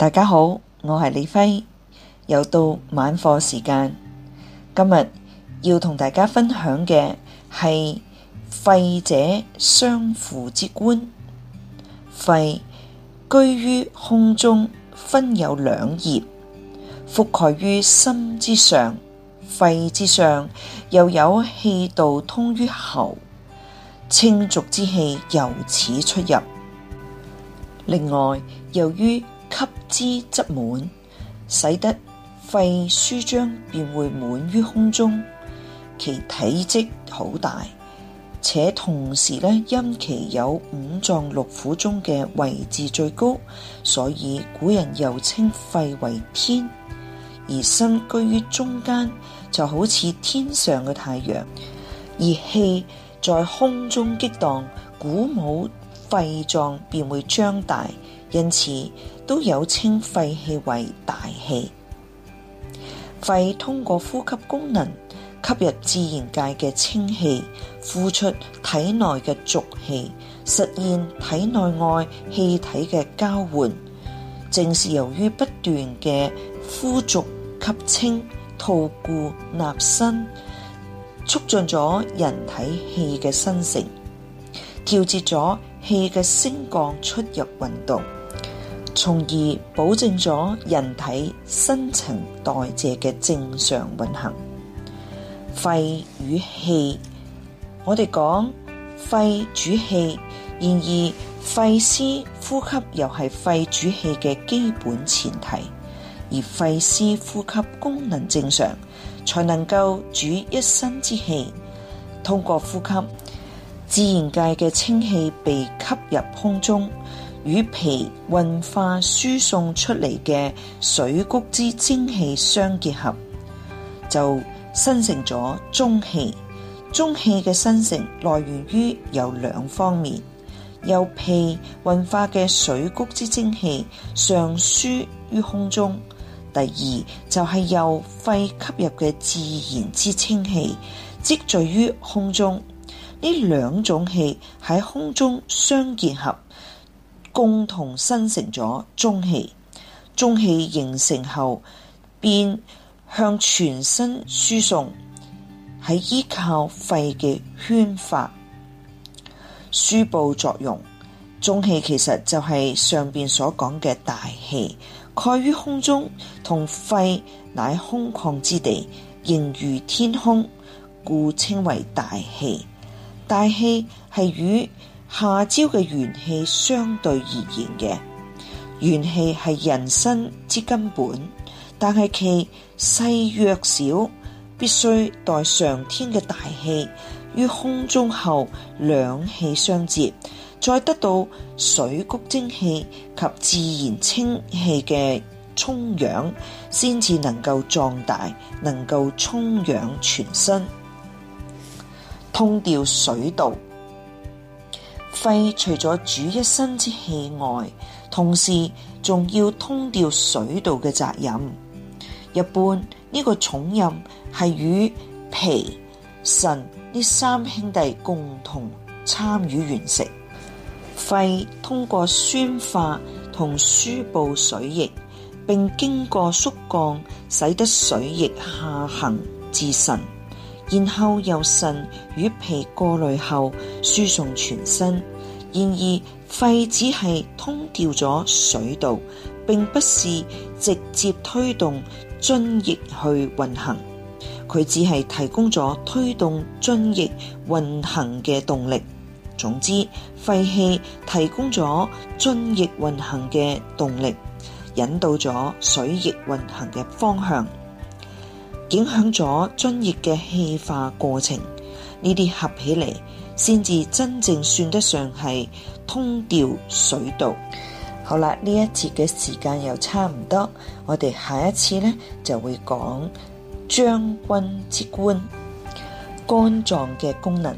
大家好，我係李輝，又到晚課時間。今日要同大家分享嘅係肺者，相傅之官。肺居於胸中，分有兩葉，覆蓋於心之上，肺之上又有氣道通於喉，清濁之氣由此出入。另外，由於吸之則滿，使得肺舒張便會滿於胸中，其體積好大，且同時呢，因其有五臟六腑中嘅位置最高，所以古人又稱肺為天，而身居於中間，就好似天上嘅太陽，而氣在胸中激蕩，鼓舞肺臟便會張大。因此都有稱肺氣為大氣。肺通過呼吸功能，吸入自然界嘅清氣，呼出體內嘅濁氣，實現體內外氣體嘅交換。正是由於不斷嘅呼濁吸清、吐故納新，促進咗人體氣嘅生成，調節咗氣嘅升降出入運動。從而保證咗人體新陳代謝嘅正常運行。肺與氣，我哋講肺主氣，然而肺司呼吸又係肺主氣嘅基本前提。而肺司呼吸功能正常，才能夠主一身之氣。通過呼吸，自然界嘅清氣被吸入胸中。與脾運化輸送出嚟嘅水谷之精氣相結合，就生成咗中氣。中氣嘅生成來源於有兩方面：由脾運化嘅水谷之精氣上輸於胸中；第二就係由肺吸入嘅自然之清氣積聚於胸中。呢兩種氣喺胸中相結合。共同生成咗中氣，中氣形成後，便向全身輸送。喺依靠肺嘅宣發輸布作用，中氣其實就係上邊所講嘅大氣。蓋於空中，同肺乃空曠之地，形如天空，故稱為大氣。大氣係與。下焦嘅元氣相對而言，嘅元氣係人生之根本，但係其細弱小，必須待上天嘅大氣於空中後，兩氣相接，再得到水谷精氣及自然清氣嘅充養，先至能夠壯大，能夠充養全身，通調水道。肺除咗主一身之氣外，同時仲要通調水道嘅責任。一般呢個重任係與脾、腎呢三兄弟共同參與完成。肺通過宣發同輸布水液，並經過縮降，使得水液下行至腎。然後由腎與脾過濾後輸送全身。然而肺只係通調咗水道，並不是直接推動津液去運行。佢只係提供咗推動津液運行嘅動力。總之，肺氣提供咗津液運行嘅動力，引導咗水液運行嘅方向。影響咗津液嘅氣化過程，呢啲合起嚟，先至真正算得上係通調水道。好啦，呢一節嘅時間又差唔多，我哋下一次呢就會講將軍之官，肝臟嘅功能。